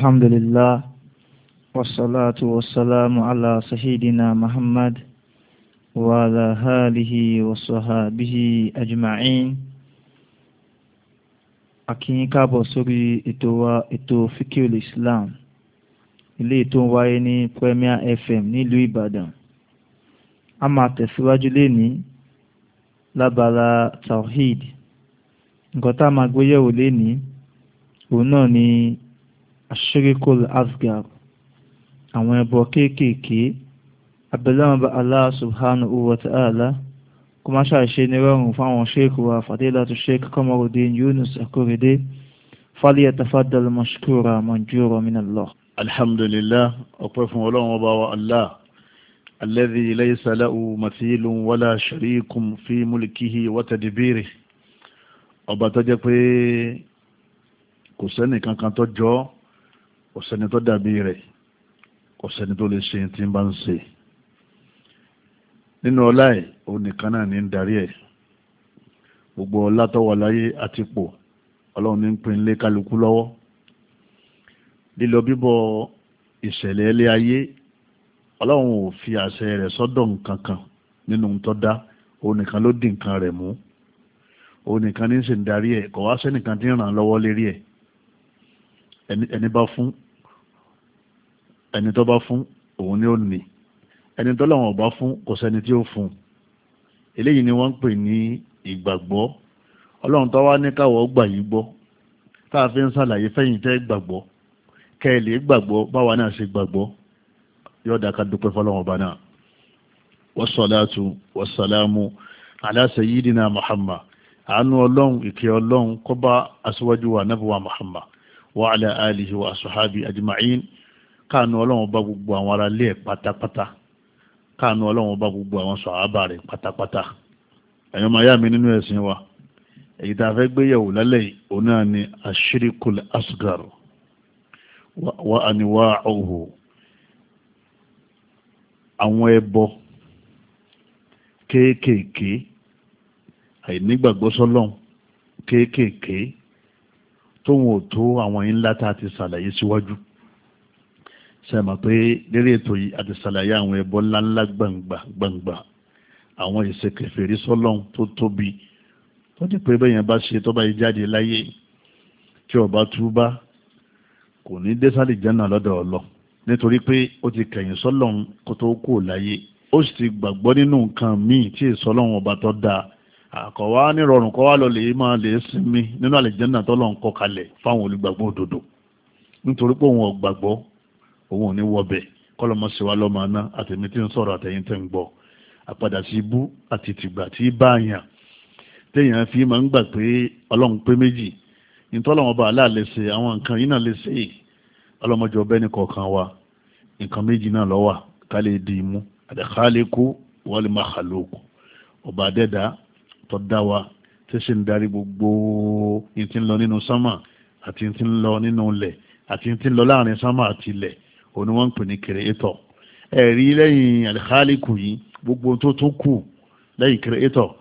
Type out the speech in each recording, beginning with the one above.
الحمد لله والصلاة والسلام على سيدنا محمد وعلى آله وصحابه أجمعين akínyìn káàbọ̀ sórí ètò wa ètò fikil islam ilé ètò ń wáyé ní Premier FM nílùú Ìbàdàn a máa tẹ̀síwájú lénìí lábala tawhid nǹkan tá a máa gbéyẹ̀wò lénìí òun náà ni ashirikul asgar àwọn ẹbọ kéékèèké abẹ́lẹ́wọ̀n bá Allah subhanahu wa ta'ala kó má ṣàṣe nírọ̀rùn fáwọn ṣéèkù wa fadilatu sheikh Kamaruddin Yunus Akorede falyatafaddal mashkura manjura min Allah. alhamdulillah ọpẹ́ fún ọlọ́run ọba wa allah alladhi laysa lahu mathilun wala sharikun fi mulkihi wa tadbirihi ọba tó jẹ́ pé kò sẹ́nì kankan tó jọ ọ̀sẹ̀ni tó dàbí rẹ̀ ọ̀sẹ̀ni tó lè ṣe tí ń bá ń ṣe nínú ọlá ẹ̀ ó nìkan náà ní ń darí ẹ̀ gbogbo ọlá tó wà láyé àti pò ọlọ́run ní ń pin lé kálukú lọ́wọ́ lílọ bíbọ̀ ìṣẹ̀lẹ̀ ilé ayé ọlọ́run ò fi àṣẹ rẹ̀ sọ́dọ̀ nǹkan kan nínú tó dá òun nìkan ló dì nǹkan rẹ̀ mú òun nìkan ní ń ṣe ń darí ẹ̀ kò wá sẹ́nìkan tí ń ràn lọ́wọ́ lérí ẹ̀ ẹni bá fún ẹni tó bá fún òun ni ó ní ẹni tó làwọn ọba fún kò sẹ́ni tí ó fún eléyìí ni wọ́n ń pè ní ìgbàgbọ́ ọlọ́run tó wá ní káwọ́ gbà yìí gbọ́ tá a fi ń ṣàlàyé fẹ́yìn tẹ́ gbàgbọ́ kẹ́ ẹ lè gbàgbọ́ báwa náà ṣe gbàgbọ́ yọ̀ọ́dà ká dúpẹ́ fọlọ́run ọba náà wasalaatu wasalaamu ala yidina muhammad àánú ọlọ́run ìkẹ́ ọlọ́run kó bá aṣíwájú wa nábì wa muhammad wa ala alihi wa ashabi ajma'in kanu ọlọ́run ba gbogbo awon ara ilé patapata pátápátá káànù ba gbogbo àwọn sọ̀hábà rẹ̀ pátápátá ẹ̀yọ́n ya mi wa a fẹ́ gbéyẹ̀wò lálẹ́ yìí ni ashirikul asgar wa anwa'uhu àwọn ẹbọ kéékèèké tóun ò tó àwọn yín ńlá tá a ti ṣàlàyé síwájú sẹ́mà pé lérí ètò yìí a ti ṣàlàyé àwọn ẹbọ ńláńlá gbangba gbangba àwọn ìṣèkèfèrí sọ́lọ́n tó tóbi tó ti pé bẹ́yẹn bá ṣe tó bá yìí jáde láyé tí ó bá túbá kò ní dé sálì jẹ́nà lọ́dọ̀ ọ̀lọ́ nítorí pé ó ti kẹ̀yìn sọ́lọ́n kó tó kù láyé ó sì ti gbàgbọ́ nínú nǹkan míì tí ìsọlọ́run ọba tó dáa àkọ̀wá ní rọrùn kọ́ wá lọ lè máa lè sinmi nínú àlìjẹ́nà tọ́lọ̀ ń kọ́ kalẹ̀ fáwọn olùgbàgbọ́ òdodo nítorí pé òun ọ̀gbàgbọ́ òun ò ní wọbẹ̀ kọ́lọ́mọ sí wa lọ́mọ aná àtẹ̀mí tí ń sọ̀rọ̀ àtẹ̀yìn tẹ̀ ń gbọ́ àpadà sí ibú àti tìgbà tí bá yàn téèyàn fi máa ń gbà pé ọlọ́run pé méjì ìtọ́lọ́wọ́n bá aláà ṣe àwọn nǹkan yìí náà lè ṣe ọlọ́mọjọ ọbẹ̀ nìkọ̀ọ̀kan wa nǹkan méjì náà lọ́wà ká lè di imú àdàkálẹ́kù wal makhluq ọba adẹ́dàá tó dá wa tí sì ń darí gbogbo ní ti ń lọ nínú sánmà àti ní ti ń lọ nínú ilẹ̀ àti ní ti ń lọ láàrin sánmà àti ilẹ̀ òun ni wọ́n ń pè ní kìrìtọ̀ ẹ̀rí lẹ́yìn àlìkálíkù yìí gbogbo tó tún kù lẹ́yìn kìrìtọ̀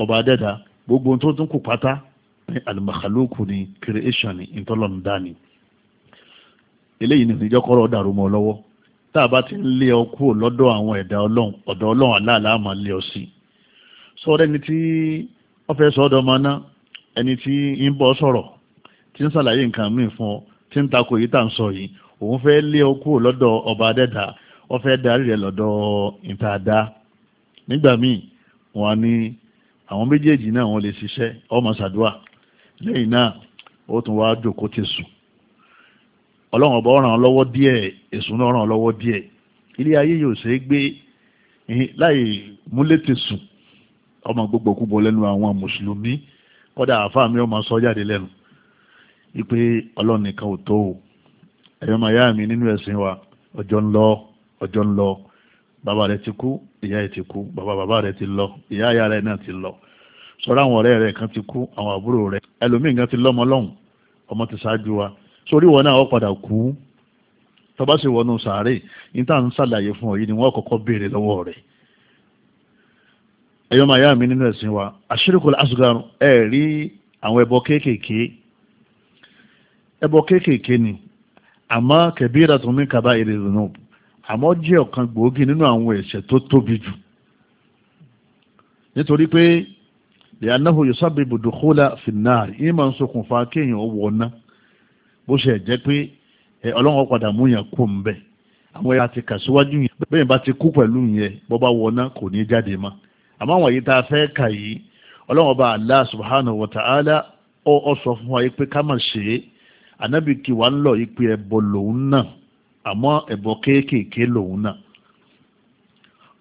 ọba adẹ́ta gbogbo tó tún kù pátá alimakalóku ni creation ni ìtọ́lọ́nda ni eléyìí ni ìjọkọ́rọ̀ dàrú mọ́ lọ́wọ́ tá a bá ti ń lé ọ kúrò lọ́dọ̀ àwọn ẹ̀dá ọlọ́run ọ̀dọ̀ ọlọ́run aláàlá máa lé ọ sí i sọ́ọ́rẹ́ ni tí wọ́n fẹ́ sọ́ọ́dọ̀ ọmọ náà ẹni tí ń bọ́ sọ̀rọ̀ tí ń ṣàlàyé nǹkan míì fún ọ tí ń takò yìí tà ń sọ yìí òun fẹ́ lé ọ kúrò lọ́dọ̀ ọba adẹ́dà wọ́n fẹ́ darí rẹ̀ lọ́dọ̀ ìtaàdá nígbà míì wọn á ní àwọn méjèèjì náà wọn lè ṣiṣẹ́ ọmọ ṣàdúà lẹ́yìn náà ó tún wá jòkó ti sùn ọlọ́run ọba ọ̀ràn lọ́wọ́ díẹ̀ èsùn náà ọ̀ràn lọ́wọ́ díẹ̀ ilé ayé yóò ṣe é gbé láì múlé ti sùn ọmọ gbogbo kúbọ lẹ́nu àwọn mùsùlùmí kọ́dà àáfàá mi ọmọ sọ jáde lẹ́nu wípé ọlọ́run nìkan ò tó o ẹ̀yọ́ máa yá mi nínú ẹ̀sìn wa ọjọ́ ń lọ ọjọ́ ń lọ bàbá rẹ ti kú ìyá rẹ ti kú bàbá bàbá rẹ ti lọ ìyá ìyá rẹ náà ti lọ sọ̀rọ̀ àwọn ọ̀rẹ́ rẹ kan ti kú àwọn àbúrò rẹ ẹlòmíì kan ti lọ́mọ lọ́hùn ọmọ ti ṣáájú wa sórí wọn náà wọ́n padà kú tọ́ba sì wọnú sàárè níta ń ṣàlàyé fún ọ yìí ni wọ́n kọ́kọ́ béèrè lọ́wọ́ rẹ̀ ẹ̀yọ́ máa yá mi nínú ẹ̀sìn wa àṣírìkọ̀lá asùgàrù ẹ̀ rí àwọn ẹbọ kéékèèké ẹbọ kéékèèké ni àmọ́ kẹ̀bíra tó mí kaba èrè nù àmọ́ jẹ́ ọ̀kan gbòógì nínú àwọn ẹ̀ṣẹ̀ tó tóbi jù nítorí pé ìyànáhù yóò sábẹ́ ibùdókòlá fìnnà yìí máa ń ṣokùnfà kéèyàn wọ̀ ná bó ṣe jẹ́ pé ọlọ́run padà mú yẹn kó ń bẹ̀ àwọn ẹ̀yà ti kà síwájú yẹn bẹ́ẹ̀ bá ti kú pẹ̀lú yẹn bọ́ bá wọ̀ kò ní jáde mọ́ àmọ́ àwọn yìí tá a fẹ́ kà yìí ọlọ́run ọba allah subhanahu wa ta'ala ó sọ fún wa yìí pé ká má ṣe é ànábì kí wàá ń lọ yìí pé ẹbọ lòun náà àmọ́ ẹbọ kéékèèké lòun náà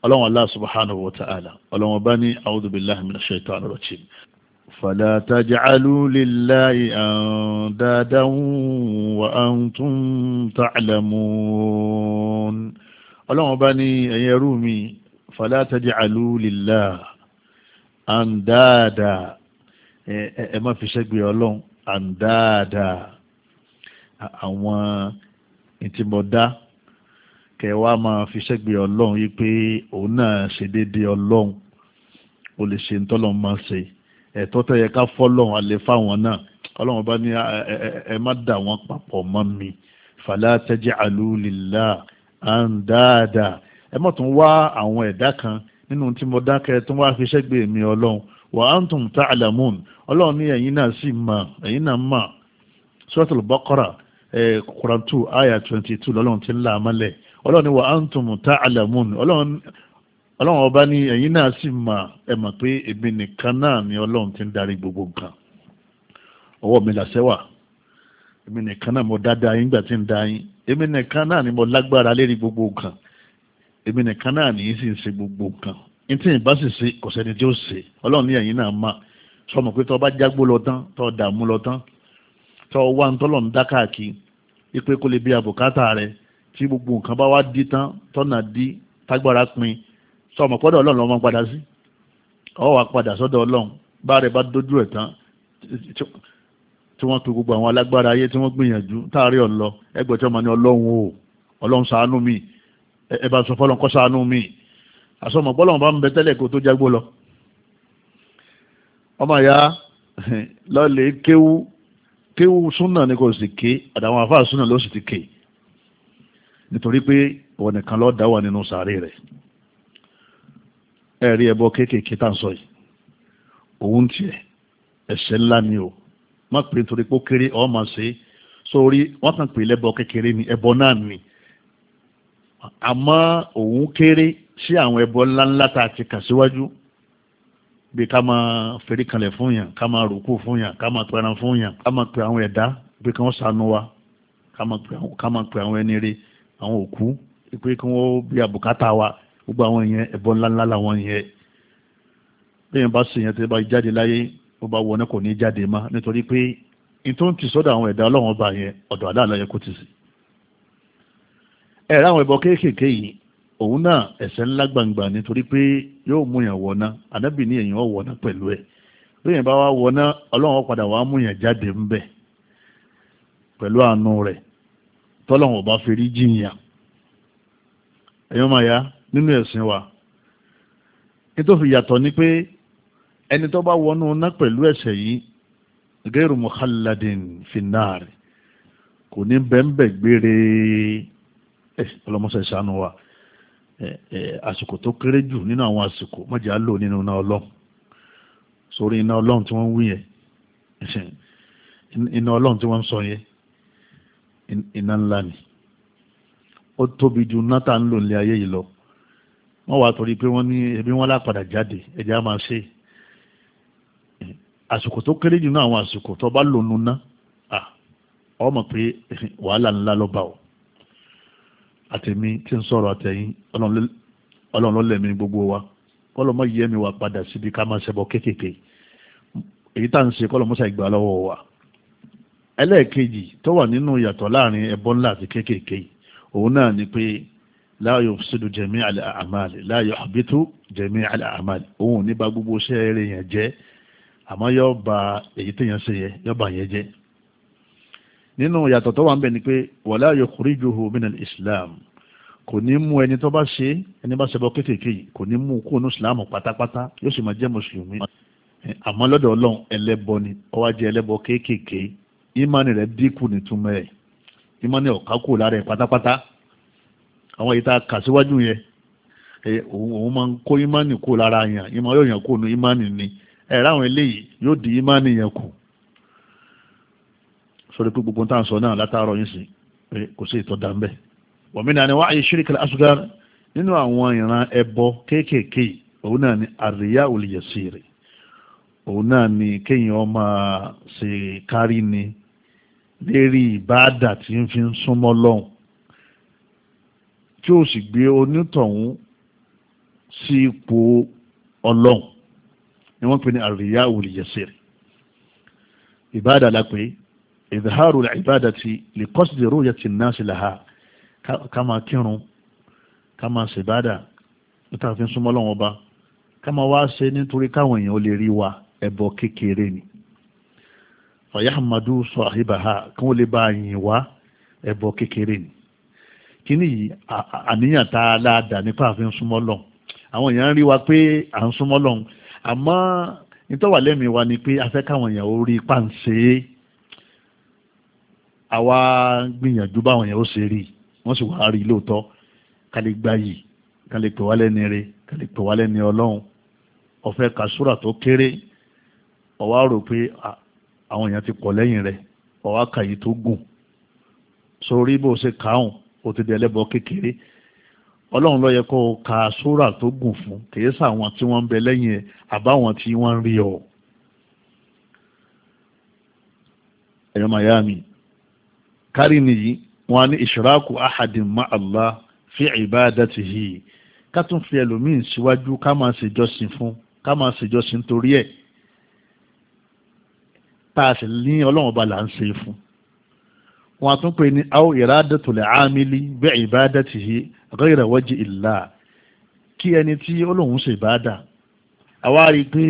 ọlọ́run allah subhanahu wa ta'ala ọlọ́run ọba ní a'udhu billahi minash shaitani rajim fala taj'alu lillahi andadan wa antum ta'lamun ọlọ́run ọba ní ẹ̀yin fala taj'alu lillah àǹdáàdà ẹ má fi ṣẹ́gbẹ́ ọlọ́run àǹdáàdà àwọn ìtìmọ̀dá kẹwàá máa fi ṣẹ́gbẹ́ ọlọ́run yìí pé òun náà ṣe déédéé ọlọ́run o lè ṣe ntọ́lọ́run máa ṣe ẹ̀tọ́ tó yẹ ká fọ́lọ́run alẹ́ fáwọn náà ọlọ́run bá ní ẹ má dà wọ́n papọ̀ mọ́ mi fala taj'alu lillah àǹdáàdà ẹ má tún wá àwọn ẹ̀dá kan nínú tí mo dákẹ́ tó wá fi ṣẹ́gbẹ́ mi ọlọ́run wa antum ta'lamun ọlọ́run ní ẹ̀yin náà sì mà ẹ̀yin náà mà suratul baqara quran two aya twenty two lọ́lọ́run ti ń là mọ́lẹ̀ ọlọ́run ní wa antum ta'lamun ọlọ́run ọba ní ẹ̀yin náà sì mà ẹ mọ̀ pé èmi nìkan náà ni ọlọ́run ti ń darí gbogbo nǹkan ọwọ́ mi làṣẹ wà èmi nìkan náà mo dá dá yín gbà tí ń dá yín èmi nìkan náà ni mo lágbára lérí gbogbo nǹkan èmi nìkan náà nìyí sì ń ṣe gbogbo nǹkan ní tí ìbá sì ṣe kò sẹ́ni tí ó ṣe ọlọ́run ní ẹ̀yìn náà mà sọmọ pé tọ́ bá jágbó lọ tán tọ́ dààmú lọ tán tọ́ wá ń tọ́lọ̀ ń dá káàkiri ipe kó lè bí àbùkátà rẹ tí gbogbo nǹkan bá wá dí tán tọ́nà dí tágbára pin sọmọ pọ́dọ̀ ọlọ́run lọ́mọ padà sí ọ wà padà sọ́dọ̀ ọlọ́run bá rẹ bá dójú ẹ̀ tán tí wọ́n pe gbogbo àwọn alágbára ayé tí wọ́n gbìyànjú táàrí ọ̀lọ́ ẹgbẹ̀tẹ́ ọmọ ní ọlọ́run o ọlọ́run ṣàánú mi ẹ bá sọ fọlọ́n kọ́sánú mi àsọmọ bọ́lọ̀ bá ń bẹ tẹ́lẹ̀ kó tó jágbó lọ ọmọ ìyá lọ́ọ̀lẹ̀ kéwú kéwú súnà ni kò sì ké àtàwọn àfáà súnà ló sì ti ké nítorí pé òun nìkan lọ́ọ́ dá wà nínú sàárè rẹ̀ ẹ rí ẹbọ kéékèèké tá à ń sọ yìí òun tiẹ̀ ẹ̀ṣẹ̀ ńlá ni o má pè nítorí pé ó kéré ọ́ máa ṣe sórí wọ́n kàn pè lẹ́bọ kékeré ni ẹbọ náà ni àmọ́ òun kéré sí àwọn ẹbọ ńláńlá tá a ti kà síwájú bí ká máa fèrè kanlẹ̀ fún yàn ká máa rùkú fún yàn ká máa pẹran fún yàn ká máa pè àwọn ẹ̀dá pé kí wọ́n ṣàánú wa ká máa pè àwọn ẹni rè àwọn òkú pé kí wọ́n bí àbùkátà wa gbogbo àwọn yẹn ẹbọ ńláńlá làwọn yẹn bẹ́ẹ̀ bá sèyàn tẹ́ bá jáde láyé ó bá wọná kò ní jáde má nítorí pé nítorí sọ́dọ̀ àwọn ẹ̀dá ọlọ́wọ́n bá yẹn ọ̀dọ̀ àdáàlá yẹn kò ti sìn ẹ̀rọ àwọn ẹbọ kéékèèké yìí òun náà ẹ̀ṣẹ̀ ńlá gbangba nítorí pé yóò mú yàn wọ̀ná ànábì ní èyàn wọ̀ná pẹ̀lú ẹ̀ lóyìn bá wá wọ̀ná ọlọ́run padà wá mú yàn jáde ń bẹ̀ pẹ̀lú àánú rẹ̀ tọ́lọ́run ò bá ferí jìyàn ẹ̀yọ́ máa yá nínú ẹ̀sìn wa nítòfi yàtọ̀ ni pé ẹni tó bá wọnú ná pẹ̀lú ẹ̀ṣẹ̀ yìí gẹ́rù mukhalladin finnaari kò ní bẹ́ẹ̀ ń bẹ̀ gbére ọlọ́mọṣẹ́ ṣàánú wa àsìkò tó kéré jù nínú àwọn àsìkò mọ̀jà lò nínú iná ọlọ́run sórí iná ọlọ́run tí wọ́n ń wí yẹn iná ọlọ́run tí wọ́n ń sọ yẹn iná ńlá ni ó tóbi ju nátà ń lò nílé ayé yìí lọ wọ́n wà torí pé wọ́n ní ebi wọn lápadà jáde ẹ̀jẹ̀ á máa ṣe àsìkò tó kéré jù nínú àwọn àsìkò tó bá lò nínú ná ọmọ pé wàhálà ńlá ló bá ọ àtẹ̀mí tí ń sọ̀rọ̀ àtẹ̀yìn ọlọ́run ló lẹ̀mí gbogbo wa kọ́lọ̀ mọ́ yẹ́mi wa padà síbi ká máa ṣẹbọ kéékèèké èyí tá à ń ṣe kọ́lọ̀ mọ́ṣá lọ́wọ́ wa ẹlẹ́ẹ̀kejì tó wà nínú ìyàtọ̀ láàrin ẹbọ ńlá àti kéékèèké òun náà ni pé la yufsidu jẹ̀mí àlẹ́ àmàlì la yuhbitu jẹ̀mí àlẹ́ àmàlì òun ò ní ba gbogbo iṣẹ́ yẹn jẹ́ àmọ́ yóò ba èyí téèyàn ṣe nínú ìyàtọ̀ tó wà ń bẹ̀ ni pé wàlá yukhrijuhu minal islam kò ní mú ẹni tó bá ṣe ẹni bá ṣẹbọ kéékèèké yìí kò ní mú kó nú islam pátápátá yóò sì máa jẹ́ mùsùlùmí àmọ́ lọ́dọ̀ ọlọ́run ẹlẹ́bọ ni ó wá jẹ́ ẹlẹ́bọ kéékèèké ìmánì rẹ̀ dínkù nìtumọ̀ ẹ̀ ìmánì ọ̀ká kù lára ẹ̀ pátápátá àwọn èyí tá a kà síwájú yẹn òun máa ń kó ìmánì kù lára yàn ìmọ̀ yóò yàn kù nù ìmánì sórí pé gbogbo táà ń sọ náà látàárọ̀ yín sí pé kò sí ìtọ́ dáńbẹ́ wọ̀mínà ni wọ́n àyè ṣíríkì asgar nínú àwọn ìran ẹbọ kéékèèké òun náà ni àríyá olùyẹ̀sìrì òun náà ni kéèyàn máa ṣe kárí ni lérí ìbáàdà tí ń fi súnmọ́ lọ́hùn tí ó sì gbé onítọ̀hún sí ipò ọlọ́hùn ni wọ́n pè ní àríyá olùyẹ̀sìrì ìbáàdà la pè é ìdáhàrù ìbádàtì lè kọ́sìdì rúyà tì náà sí làhà ká máa kírun ká máa ṣèbádà níta fi ń súnmọ́ lọ́wọ́ bá ká máa wá ṣe nítorí káwọn èèyàn ó lè rí wa ẹbọ kékeré ni fàyàmàdù sọ àhíbàhà kí wọ́n lè bá yìn wá ẹbọ kékeré ni kíní yìí àníyàn tá a láàdà nípa àfi ń súnmọ́ lọ́wọ́ àwọn èèyàn ń rí wa pé à ń súnmọ́ lọ́wọ́ àmọ́ nítọ́wà lẹ́mìí wa ni pé afẹ́ àwa gbìyànjú báwọn yẹn ó ṣe rí wọ́n sì wá rí lóòótọ́ ká lè gbá yìí ká lè pè wá lẹ́ni rẹ̀ ká lè pè wá lẹ́ni ọlọ́run ọ̀fẹ́ ka súrà tó kéré ọ̀wá rò pé àwọn èèyàn ti kọ̀ lẹ́yìn rẹ̀ ọ̀wá kà tó gùn sórí bó ṣe kàáhùn ó ti di ẹlẹ́bọ kékeré ọlọ́run ló yẹ kó ka súrà tó gùn fún kìí sàwọn tí wọ́n ń bẹ lẹ́yìn ẹ̀ àbáwọn tí wọ́n ń rí ọ. ẹ̀yọ́ màyá mi kárí nìyí wọ́n ní ìṣìrákù ahadin ma Allah fi ibadatihi ká tún fi ẹlòmíín síwájú ká máa ṣèjọsìn fún ká máa ṣèjọsìn torí ẹ̀ tá a sì ní ọlọ́run ba là ń ṣe fún wọ́n tún pè ní aw iradatul amili bi ibadatihi ghayra wajhi illah kí ẹni tí ó ṣe ìbáàdà àwa rí i pé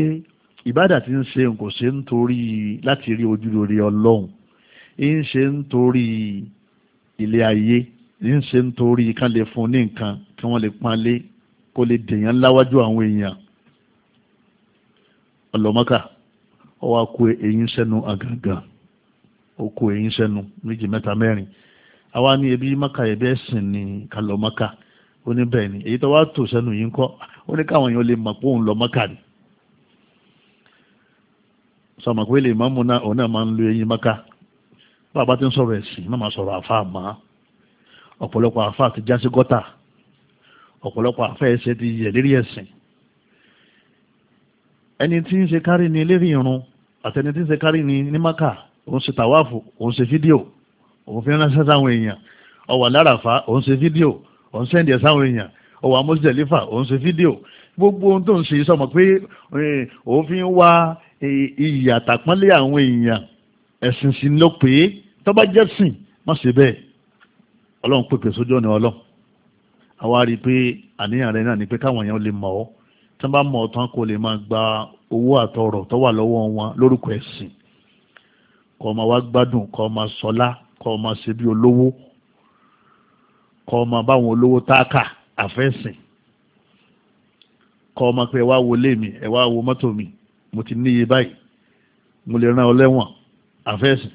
ìbáàdà ti ń ṣe kò ṣe ń torí láti rí ojú ọlọ́run ń ṣe ń torí ilé ayé ń ṣe ń torí kán lè fún ní nǹkan kí wọ́n lè panlé kó lè dèèyàn láwájú àwọn èèyàn ọlọ́mọ́kà ọwọ́ kó eyín sẹ́nu àgàngàn ó kó eyín sẹ́nu méjì mẹ́ta mẹ́rin àwa ebi ẹ̀sìn ni èyí tó wá tò sẹ́nu yìí ń kọ́ ó ní káwọn èèyàn lè mọ̀ pé òun ni sọmọ pé lè náà òun náà máa ń lo bàbá tí ń sọ̀rọ̀ ẹ̀sìn má máa sọ̀rọ̀ àfa àmọ́ ọ̀pọ̀lọpọ̀ àfa ti já sí gọ́tà ọ̀pọ̀lọpọ̀ àfa ẹ̀sẹ̀ ti yẹ̀ lérí ẹ̀sìn ẹni tí ń ṣe kárí ni lérí irun àtẹni tí ń ṣe kárí ni ní maka òun ṣe tàwáàfù òun ṣe fídíò òun fi ránṣẹ́ sáwọn èèyàn ó wà láràfá òun ṣe fídíò òun sẹ́ndì ẹ̀ sáwọn èèyàn ó wà mọ́sídẹ̀lífà òun ṣe fídíò gbogbo ohun tó ń ṣe sọmọ pé òun fi ń wá iyì àwọn èèyàn ẹ̀sìn sí ló pè é tọ́ba jẹ́ sìn má ṣe bẹ́ẹ̀ ọlọ́run pèpè sójú ọ̀nà ọlọ́run àwa rí i pé àníyàn rẹ náà ni pé káwọn èèyàn lè mọ̀ ọ́ tí wọ́n bá mọ̀ ọ́ tán kó lè máa gba owó àtọrọ̀ tó wà lọ́wọ́ wọn lórúkọ ẹ̀sìn kọ́ ọ máa wá gbádùn kọ́ ọ máa sọlá kọ́ ọ máa ṣe bí olówó kọ́ ọ máa báwọn olówó táàkà àfẹ́sìn kọ́ ọ máa pé ẹ wá wo lé mi ẹ wá wo mọ́tò mi mo ti níye báyìí mo lè rán ọ lẹ́wọ̀n àfẹ́sìn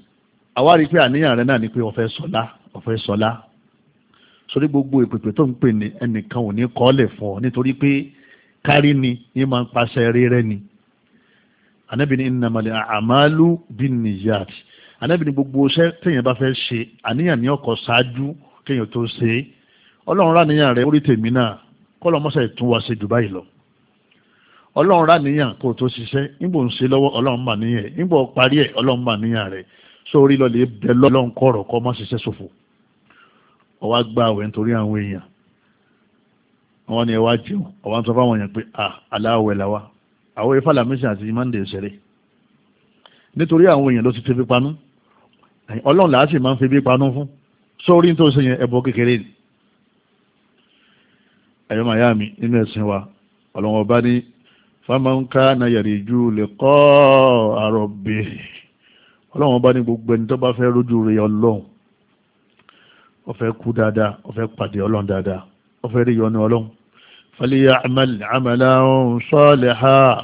àwárí pé àníyàn rẹ náà ni pé ọ̀fẹ́ sọlá ọ̀fẹ́ sọlá sórí gbogbo ìpèpè tó ń pè ní ẹnìkan ò ní kọ́lẹ̀ fún ọ nítorí pé kárí ni yín máa ń paṣẹ rere ni anábìíní innamal a'malu binniyat anábìíní gbogbo iṣẹ́ téèyàn bá fẹ́ ṣe àníyàn ní ọkọ̀ ṣáájú kéèyàn tó ṣe é ọlọ́run ráníyàn rẹ orí tèmi náà kọ́lọ́ mọ́sẹ̀ tún wá ṣe jù báyìí lọ ọlọ́run rà níyàn kó o tó ṣiṣẹ́ níbo ń ṣe lọ́wọ́ ọlọ́run mà níyàn rẹ̀ níbo parí ẹ̀ ọlọ́run mà níyàn rẹ̀ sórí lọ́lẹ̀ bẹ lọ́run kọ̀rọ̀ kọ́ má ṣiṣẹ́ ṣòfò ọwá gba àwẹ̀ nítorí àwọn èèyàn wọn ni ẹ wá jẹun ọwá ń sọ fáwọn èèyàn pé à aláwẹ̀ làwa àwọn ifá làmísìn àti mande ṣeré nítorí àwọn èèyàn ló ti fi panú ọlọ́run làá máa ń fi panú fún sórí tó ṣe yẹn ẹbọ kékeré ni ẹ̀yọ́ mi nínú ẹ̀sìn wa ọlọ́run ọba ní faman kana yarju liqa'a rabbih ọlọ́run bá ní gbogbo ẹni tó bá fẹ́ rójú rẹ̀ ọlọ́run ó fẹ́ kú dáadáa ó fẹ́ pàdé ọlọ́run dáadáa ó fẹ́ rí yọ́nú ọlọ́run falya'mal 'amalan salihan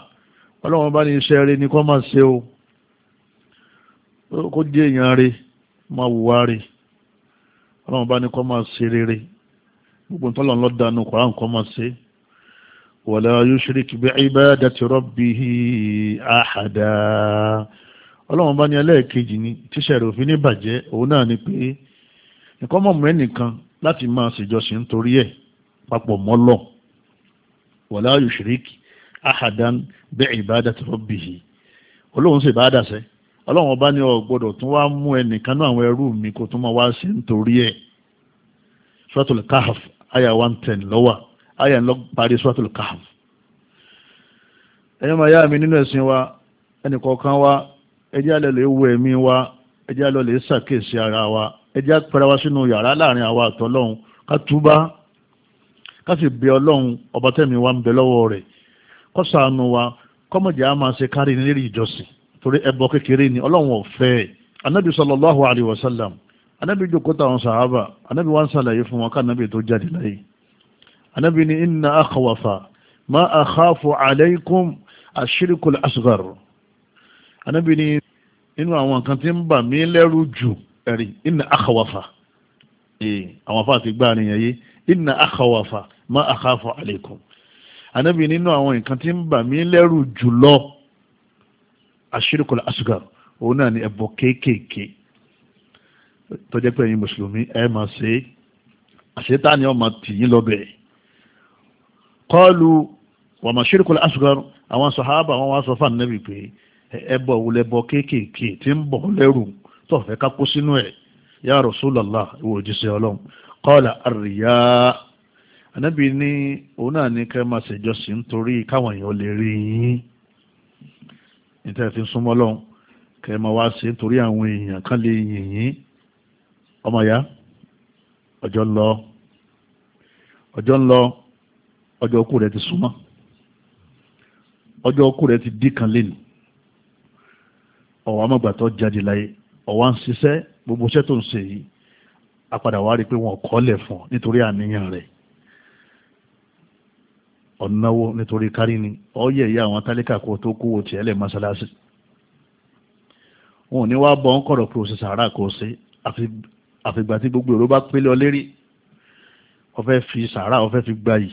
ọlọ́run bá ní iṣẹ́ rẹ̀ ní kó máa ṣe o kó jẹ́ èèyàn rẹ̀ máa wùwá rẹ̀ ọlọ́run bá ní kó máa ṣe rere gbogbo ntọ́lọ́run ló dánú Kùránì máa ṣe wala yushrik bi'ibadati rabbihi ahada ọlọ́run bá ní ẹlẹ́ẹ̀kejì ni tíṣẹ̀rẹ̀ òfin ní bàjẹ́ òun náà ni pé nǹkan mọ̀mọ́ ẹnìkan láti máa ṣèjọsìn nítorí ẹ̀ papọ̀ mọ́lọ̀ wala yushrik ahadan bi'ibadati rabbihi ọlọ́run sì bá dàṣẹ́ ọlọ́run bá ní ọ gbọ́dọ̀ tún wá mú ẹnìkan náà àwọn ẹrú mi kó tún máa wá sí ẹ̀ lọ́wọ́ ayà ń lọ parí suratul Kahf ẹ̀yọ́ máa yá mi nínú ẹ̀sìn wa ẹnì kọ̀ọ̀kan wa ẹjẹ́ alẹ́ lè wo ẹ̀mí wa ẹjẹ́ alẹ́ lè ṣàkíyèsí ara wa ẹjẹ́ apẹ̀rẹ̀ wa sínú yàrá láàrin àwa àtọ́lọ́hun ká túbá ká sì bẹ ọlọ́hun ọba tẹ̀mí wa ń bẹ lọ́wọ́ rẹ̀ kó ṣàánú wa kọ́mọ̀jà á máa ṣe kárí ní lérí ìjọsìn torí ẹbọ kékeré ni ọlọ́run ọ̀fẹ́ anábì sallallahu alaihi wasallam anábì jókòó táwọn sàhábà anábì wá ń ṣàlàyé fún wọn ká anábì tó jáde láyé anábì ní inna akhwafa ma akhafu alaykum ashirikul asghar anábì ní inú àwọn nǹkan tí ń bà mí lẹ́rù jù ẹ̀rí inna akhwafa àwọn afá àti gbá àníyàn yé inna akhwafa ma akhafu alaykum anábì nínú àwọn nǹkan tí ń bà mí lẹ́rù jùlọ ashirikul asghar òun náà ni ẹbọ kéékèèké tó pé ẹ̀yin mùsùlùmí ẹ máa ṣe àṣetáni ọmọ tìyín lọ́bẹ̀ẹ́ kọlu wàmà ṣírkùl asghar àwọn sọ̀hábà wọn wá sọ fún ànábì pé ẹbọ wulẹ̀bọ kéékèèké tí ń bọ̀ lẹ́rù tó ká kó sínú ẹ ya Rasulullah ìwò òjíṣẹ́ ọlọ́run kọ́ọ̀lá àríyá ànábì ní òun náà ní kẹ́ máa ṣèjọsìn torí káwọn èèyàn lè rí yín níta súnmọ́ máa wá ṣe àwọn èèyàn kan lè yìn yín ọmọ ya ọjọ́ ń lọ ọjọ́ ń lọ ọjọ́ okú rẹ̀ ti súnmọ́ ọjọ́ okú rẹ̀ ti dí kan lẹ́nu ọ̀wọ́ amọ̀gbàtọ́ jáde láyé ọ̀wọ́ à ń ṣiṣẹ́ gbogbo iṣẹ́ tó ń ṣe yìí apadà wá rí i pé wọn kọ́lẹ̀ fún ọ nítorí àníyàn rẹ̀ ọ̀nàwó nítorí kárí ni ọ̀yẹ̀ ìyá àwọn tálíkà kó tó kówó tiẹ̀ lẹ̀ mọ́ṣáláṣí wọn ò ní wá bọ́ ń kọ̀rọ̀ pé òṣìṣẹ́ àrà kò ṣe àfìgbà tí gbogbo èrò bá pélé ọ lérí ó fẹ́ fi sàárà ó fẹ́ fi gbayì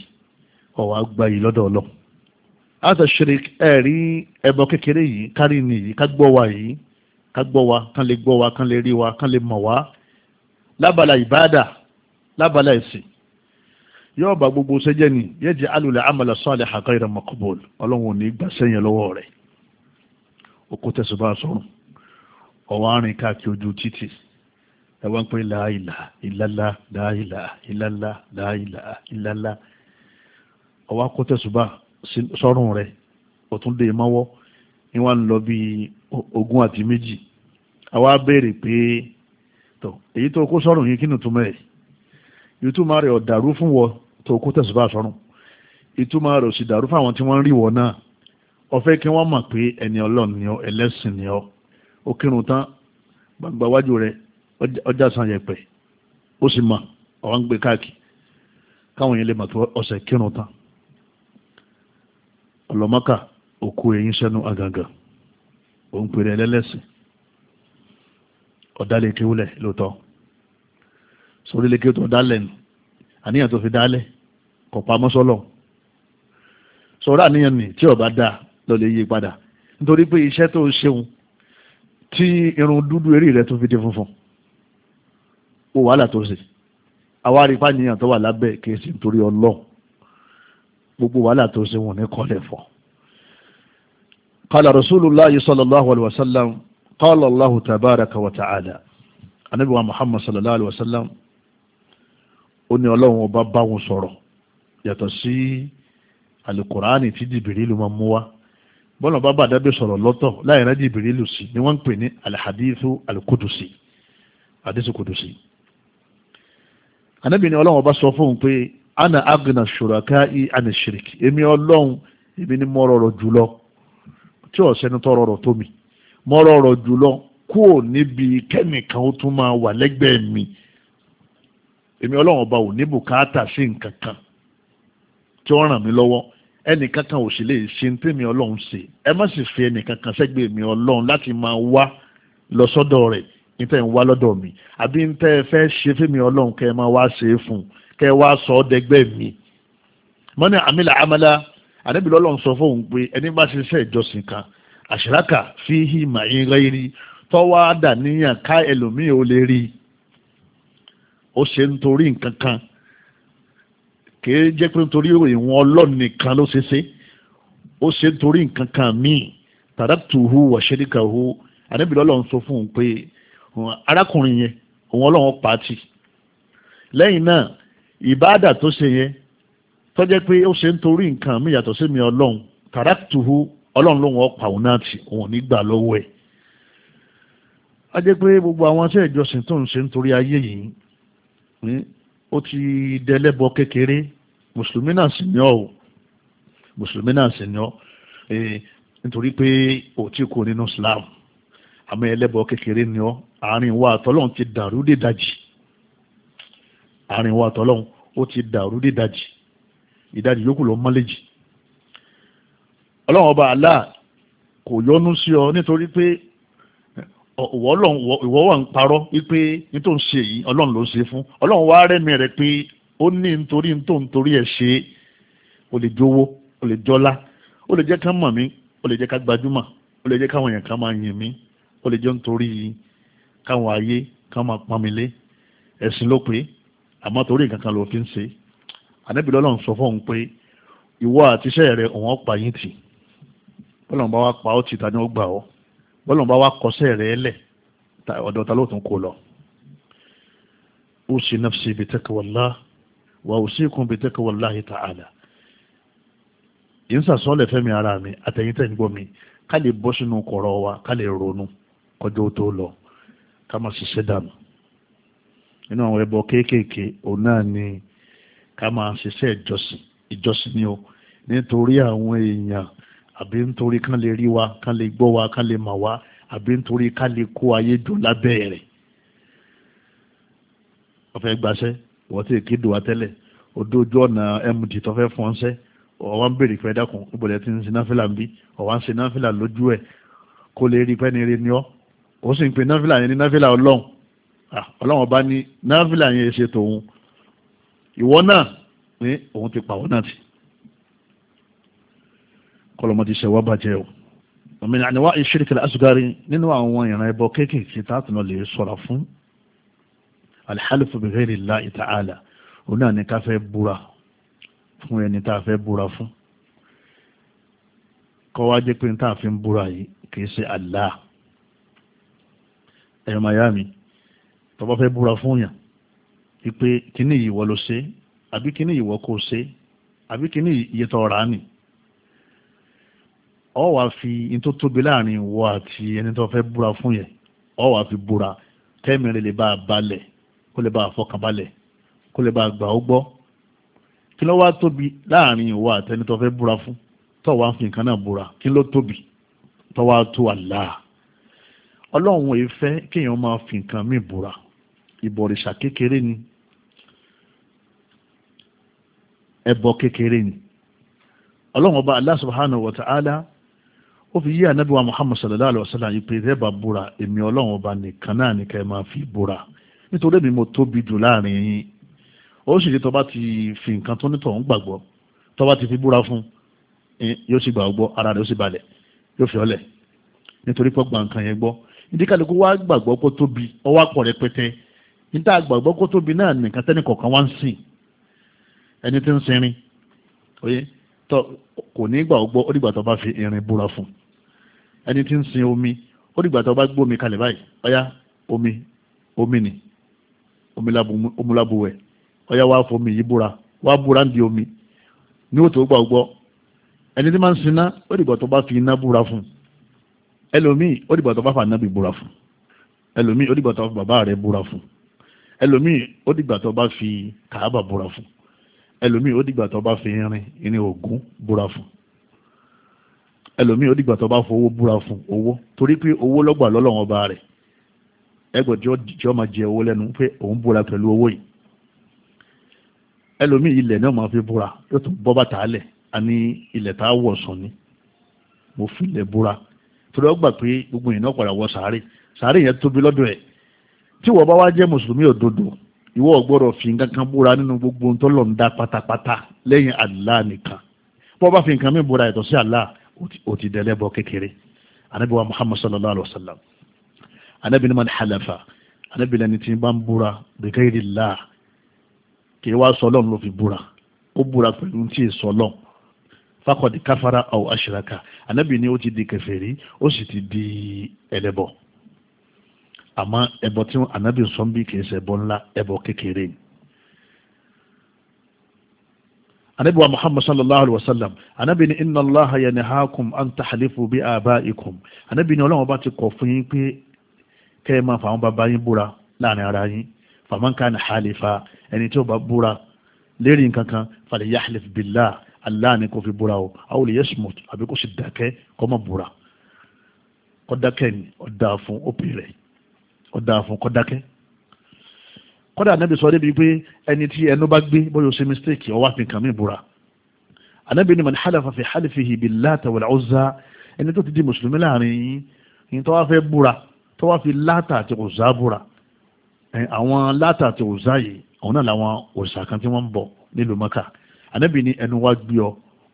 ọ̀wá gbayì lọ́dọ̀ ọlọ́ àtà ṣirik ẹ̀rí ẹbọ kékeré yìí kárí ni yìí ká gbọ́ wa yìí ká gbọ́ wa kán lè gbọ́ wa kán lè rí wa kán lè mọ̀ wa lábala ìbáàdà lábala ẹ̀sìn yóò bá gbogbo sẹ́jẹ́ ni yẹ́ jẹ́ alùlẹ̀ amala saliha ghayra maqbul ọlọ́run ò ní gbà sẹ́yìn lọ́wọ́ rẹ̀ òkú tẹ̀sùbá sọ̀rùn ọ̀wọ́n arìn káàkiri ojú títì ẹ̀wọ́n pé láìlà ìlàlá láìlà ìlàlá láìlà ìlàlá ọwọ́ akótẹ́sùbà sọ́rùn rẹ̀ ọ̀tún dè e mọ́wọ́ ni wọ́n ń lọ bí ogún àti méjì àwa béèrè pé tọ̀ èyí tó kó sọ́rùn yìí kí ni túmọ̀ ẹ̀ ìtumọ̀ rẹ̀ ò dàrú fún wọ tó kó tẹ̀sùbà sọ́rùn ìtumọ̀ rẹ̀ ò dàrú fún tí wọ́n ń rí wọ náà ọ̀fẹ́ kí wọ́n mọ̀ pé ẹni ọlọ́run ni ọ ẹlẹ́sìn ni ọ ó kírun tán gbangba wájú rẹ ọjà san yẹpẹ ó sì mọ àwọn gbé káàkiri káwọn yẹn lè mọ̀ tó ọ̀sẹ̀ kírun tán ọlọ́mọ́kà òkú eyín sẹ́nu àgàngà òun pèrè ẹlẹ́lẹ́sìn ọ̀dálẹ̀ kéwúlẹ̀ lóòótọ́ sórílẹ̀ kéwú tó dálẹ̀ nù àníyàn tó fi dálẹ̀ kọ̀ pamọ́ sọ́lọ̀ sọ̀rọ̀ àníyàn nì tí ọba dáa ló lè yí padà nítorí pé iṣẹ́ tó ṣeun tí irun dúdú eré rẹ̀ tó fi di funfun ó wàhálà tó ṣe àwa rí pàníyàn tó wà lábẹ́ kì í sì nítorí ọlọ́run gbogbo wàhálà tó ṣe wọn ní kọ́lẹ̀ fọ́. qala rasulullahi sallallahu alaihi wasallam qala Allahu tabaraka wa ta'ala anabi wa muhammad sallallahu alaihi wasallam ó ní ọlọ́run ọba bá wọn sọ̀rọ̀ yàtọ̀ sí alukurani tí jìbìrìlù máa mú wá bọ́lá bá bàdábẹ́ sọ̀rọ̀ lọ́tọ̀ láì rán jìbìrìlù sí ni wọ́n ń pè ní alhadithu alkudusi hadithu kudusi anabi ni ọlọ́run ọba sọ fóun pé ana agna i ana shiriki emi ọlọ́run èmi ni mo rọrọ̀ jùlọ tí ọ̀sẹ̀ ni tọ́ rọrọ̀ tó mi mo rọrọ̀ jùlọ kúò níbi kẹ́nìkan ó tún máa wà lẹ́gbẹ̀ẹ́ mi èmi ọlọ́run ọba ò ní bùkátà sí nǹkan kan tí ó ràn mí lọ́wọ́ ẹnìkan kan ò sì lè ṣe ní tèmi ọlọ́run ṣe ẹ má sì fi ẹnìkan kan sẹ́gbẹ̀ẹ́ mi ọlọ́run láti máa wá lọ sọ́dọ̀ rẹ̀ níta ń wá lọ́dọ̀ mi àbí níta ẹ fẹ́ ṣe fẹ́mi ọlọ́run kẹ́ ẹ máa wá ṣe é fún un kẹ́ wá sọ ọ́ dẹgbẹ́ mi mọ́ni àmìlà amala ànábì lọ́lọ́run sọ fóun pé ẹni bá ṣiṣẹ́ ìjọsìn kan àṣìláka fi hí màáyín rẹ́rí tọ́wọ́ àdàníyàn ká ẹlòmíì ò lè rí ó ṣe ń torí nǹkan kan kìí jẹ́ pé nítorí ìwọ̀n ọlọ́run nìkan ló ṣe ṣe ó ṣe ń torí nǹkan kan míì tàdátùhù wàṣẹ́ríkàhù ànábì lọ́lọ́run sọ fóun pé arákùnrin yẹn òun ọlọ́run pàtì lẹ́yìn náà ìbáàdà tó ṣe yẹn tó jẹ́ pé ó ṣe ń torí nǹkan mi yàtọ̀ sí mi ọlọ́run tàràtùhù ọlọ́run lòun ọ̀pá òun náà tì òun nígbà lọ́wọ́ ẹ̀ a jẹ́ pé gbogbo àwọn aṣẹ́ ìjọsìn tó ń ṣe ń ayé yìí hmm, ó ti dẹlẹ́bọ kékeré mùsùlùmí náà sì ní ọ́ mùsùlùmí náà sì ní ọ́ nítorí pé ò tí kò nínú Islam àmọ́ ẹlẹ́bọ kékeré ni ọ́ àárín wa àtọ́lọ́run ti dàrú dé dajì àárín wa àtọ́lọ́hún ó ti dàrú dídajì ìdajì yòókù lọ mọ́lẹ́jì ọlọ́run ọba Allah kò yọ́nú sí ọ nítorí pé ìwọ wà ń parọ́ wípé nítorí ń ṣe yìí ọlọ́run ló ń ṣe fún ọlọ́run wá rẹ́mi rẹ̀ pé ó ní nítorí tó ń ẹ̀ ṣe ó lè jówó ó lè jọ́lá ó lè jẹ́ ká mọ̀ mí ó lè jẹ́ ká gbajúmọ̀ ó lè jẹ́ káwọn èèyàn kan máa yìn mí ó lè jẹ́ nítorí káwọn ayé ká máa ẹ̀sìn ló pé àmọ́ torí nǹkan kan ló fi ń ṣe ànábì lọ́lọ́run sọ fóun pé ìwọ àtiṣẹ́ rẹ òun ọ̀pá yín tì bọ́lọ̀n bá wá pa ọ́ tìta ni ó gbà ọ́ bọ́lọ̀n bá wá kọsẹ́ rẹ lẹ̀ ọ̀dọ̀ ta ló tún kó lọ. usi nafsi bi taqwallah wa usikum bi taqwallahi ta'ala ìyínsà sọ́ọ̀lẹ̀ fẹ́mi ara mi àtẹ̀yìntẹ̀ ń gbọ́ mi ká lè bọ́ sínú kọ̀rọ̀ wa ká lè ronú kọjọ́ tó lọ ká má ṣiṣẹ́ dànù nínú àwọn ẹbọ kéékèèké òun náà ni ká máa ṣiṣẹ́ ìjọsìn ni o nítorí àwọn èèyàn àbí nítorí kán lè rí wa kán lè gbọ́ wa kán lè mà wá àbí nítorí ká lè kó ayé jọ lábẹ́ rẹ̀ ọ̀fẹ́ gbaṣẹ́ ìwọ́n ti kéde wa tẹ́lẹ̀ odó ojú ọ̀nà md tó fẹ́ fọ́n ṣẹ́ ọ̀wá ń béèrè pẹ́ dákun ìbọ̀lẹ̀ ti ń sin náfìlà ń bí ọ̀wá ń sin náfìlà lójú ẹ̀ kó lè rí pẹ́ni rí ni ọ́ ó sì ń pe náfìlà yẹn ní náfìlà ọlọ́run Ah, ọlọ́run ọba ní náfìlà yẹn ṣe tòun ìwọ náà ní òun ti pàwọ́ náà ti kọlọmọ ti ṣẹwọ́ bàjẹ́ o ọ̀mìnà àníwá ìṣirikìlẹ̀ asugari nínú àwọn ìran ẹbọ kéékèèké tààtùnà lè sọ̀rọ̀ fún alḥalifu bi ghayri Allah òun náà ní ká fẹ́ búra fún ẹni tá a fẹ́ búra fún kọ́ wá jẹ́ pé tá a fi ń búra yìí kì í ṣe Allah ẹ̀rọ mayami tó bá fẹ́ búra fún yàn wípé kíní yìí wọ́n ló ṣe àbí kíní yìí wọ́n kò ṣe àbí kíní iye tó rà á nì ọ wàá fi in tó tóbi láàrin wọ àti ẹni tó fẹ́ búra fún yẹn ọ wàá fi búra kẹ́mìrin lè bá a balẹ̀ kó lè bá a fọkàn balẹ̀ kó lè bá a gbà ó gbọ́ kí ló wá tóbi láàrin ìwọ àtẹni tó fẹ́ búra fún tó wàá fi nǹkan náà búra kí ló tóbi tó wàá tó Allah ọlọ́run èéfẹ́ kéèyàn máa fi nǹkan míì búra ìbọ̀rìṣà kékeré ni ẹbọ kékeré ni ọlọ́run ọba Allah subhanahu wa ó fi yí ànábì wa Muhammad sallallahu alayhi wa sallam yìí pé rẹ́bà búra èmi ọlọ́run ọba nìkan náà ni kẹ́ máa fi búra nítorí èmi mo tóbi jù láàrin yín ó sì ṣe tó bá ti fi nǹkan tó nítọ̀ ń gbàgbọ́ tó bá ti fi búra fún eh, yóò sì gbàgbọ́ ara rẹ̀ ó sì balẹ̀ yóò fi ọlẹ̀ nítorí pé gbà nǹkan yẹn gbọ́ ìdíkàlùkù wá gbàgbọ́ pé tóbi ọwọ́ àpọ̀ rẹpẹtẹ níta àgbàgbọ́ kó tóbi náà nìkan tẹ́nì kọ̀ọ̀kan wá ń sìn ẹni tí ń sinrin oyé tó kò ní gbà ọgbọ́ ó dìgbà tó bá fi irin búra fún ẹni tí ń omi ó dìgbà tó bá omi kalẹ̀ omi omi ni omulabuwẹ̀ ọyá wàá fomi yìí búra wàá búra ń omi ní ó tó gbà ọgbọ́ ẹni tí máa ń sinná ó dìgbà tó bá fi iná búra fún ẹlòmíì ó dìgbà tó bá fà búra fún ẹlòmíì ó dìgbà tó bá ẹlòmíì ó dìgbà tó bá fi kàábà búra fún ẹlòmíì ó dìgbà tó bá fi irin irin ògún búra fún ẹlòmíì ó dìgbà tó bá fowó búra fún owó torí pé owó lọ́gbà lọ́lọ́wọ́n ọba rẹ̀ ẹgbẹ́ tí ó máa jẹ owó lẹ́nu pé òun búra pẹ̀lú owó yìí ẹlòmíì ilẹ̀ náà máa fi búra yóò tún bọ́ bàtà alẹ̀ àní ilẹ̀ tá a wọ̀ sùn ni mo fi ilẹ̀ búra torí ó pé gbogbo yìí náà padà wọ sàárè sàárè yẹn tóbi lọ́dọ̀ ẹ̀ tí wọ́n bá wá jẹ́ mùsùlùmí òdodo ìwọ ọ̀gbọ́dọ̀ fi nǹkan kan búra nínú gbogbo ohun tọ́lọ̀ ń dá pátápátá lẹ́yìn Allah nìkan bọ́ bá fi nǹkan mi búra yàtọ̀ sí Allah ó ti dẹ̀lẹ́bọ kékeré anabi Muhammad sallallahu alayhi wa sallam anabi ni man halafa anabi lẹni tí bá ń búra bi ghayri Allah kì í wá sọlọ́n ló fi búra ó búra pẹ̀lú tí ì sọlọ́n faqad kafara aw ashraka anabi ni ó ti di kèfèrí ó sì ti di ẹlẹ́bọ àmọ́ ẹbọ tí ànábì sọ ń bí kì í ṣe ẹbọ ńlá ẹbọ kékeré ni. anabi wa muhammad sallallahu alaihi wasallam anabi ni inna allaha yanhaakum an tahlifu bi abaikum anabi ni ọlọ́run bá ti kọ̀ fún yín pé kẹ́ ẹ máa fa àwọn bàbá yín búra láàrin ara yín faman kana halifa ẹni tí ó bá búra lérí nǹkan kan falyahlif billah allah ni kò fi búra o aw liyasmut àbí kò sì dákẹ́ kó má búra kó dákẹ́ ni ó dáa fún ó pè ọ̀dà fún kọ́dákẹ́ kọ́dà anábì sọ débi pé ẹni tí ẹnu bá gbé bóyá o ṣe mistake ọwọ́ àfi nǹkan mi búra anábì ni man halafa fi halifihi billata wal uzza ẹni tó ti di mùsùlùmí láàrin yín yín tó wá fẹ́ búra tó wá fi láta àti òòzà búra àwọn láta àti òòzà yìí àwọn náà làwọn òòzà kan tí wọ́n ń bọ̀ nílùú maka anábì ni ẹnu wá gbé ọ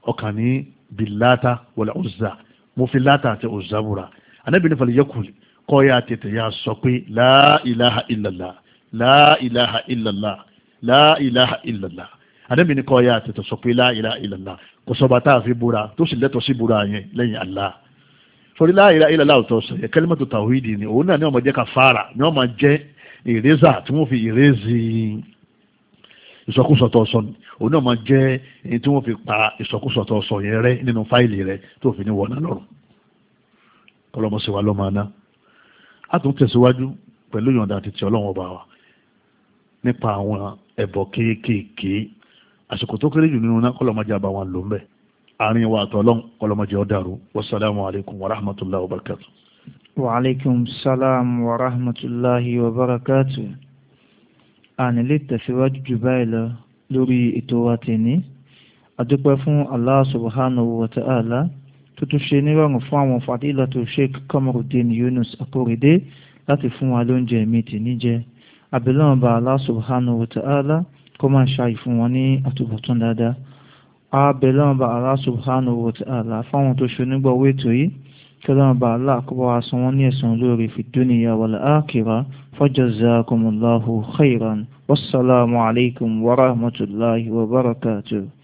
ọkàn ní billata wal uzza mo fi láta àti òòzà búra anábì ni fàlẹ́ yẹ kùlì kọ́ ya tètè ya sọ pé la ilaha illallah la ilaha illallah la ilaha illallah àdébì ní kọ́ ya tètè sọ pé la ilaha illallah kò sọba tá a fi búra tó sì lẹ́tọ̀ sí búra yẹn lẹ́yìn Allah sori la ilaha illallah ọ̀tọ̀ sọ yẹ kalimatu tawhidi ni òun náà ni ọmọ jẹ́ ka fara ni ọmọ jẹ́ ìrẹ́zà tí wọ́n fi ìrẹ́zì ìsọkúsọ sọ ni òun náà máa jẹ́ èyí tí wọ́n fi pa ìsọkúsọ sọ yẹn rẹ́ nínú fáìlì rẹ̀ tó fi ní wọ́n náà lọ́rùn kọlọ́mọsíwá lọ́mọ náà a tún tẹ̀síwájú pẹ̀lú ìyọ̀nda àti ti ọlọ́run ọba wa nípa àwọn ẹ̀bọ̀ kéékèèké àsìkò tó kéré jù nínú náà kọ́lọ́mọdé àbá wọn lò ń bẹ̀ àárín wa àtọ̀ ọlọ́run kọ́lọ́mọdé ọ̀dàrú wasalaamu alaykum wa rahmatulahi wa barakatu. wa aleykum salaam wa rahmatulahi wa barakatu. àní lè tẹ̀síwájú jù báyìí lọ lórí ètò wa tèmi a fún Allah subhanahu wa tó tún ṣe nírọ̀rùn fún àwọn fàdílọ́tò Sheikh Kamarudin Yunus Akorede láti fún wa lóúnjẹ mi tì níjẹ àbẹ̀lọ́run bá Allah subhanahu wa ta'ala kó máa ṣàì fún wọn ní àtúbọ̀tán dáadáa àbẹ̀lọ́run bá Allah subhanahu fáwọn tó ṣe onígbọ̀ owó yìí kẹlọ́run bá Allah kó bá wọn ní ẹ̀san lórí fi dunya wal akhirah fajazakumullahu khairan wassalamu alaikum wa rahmatullahi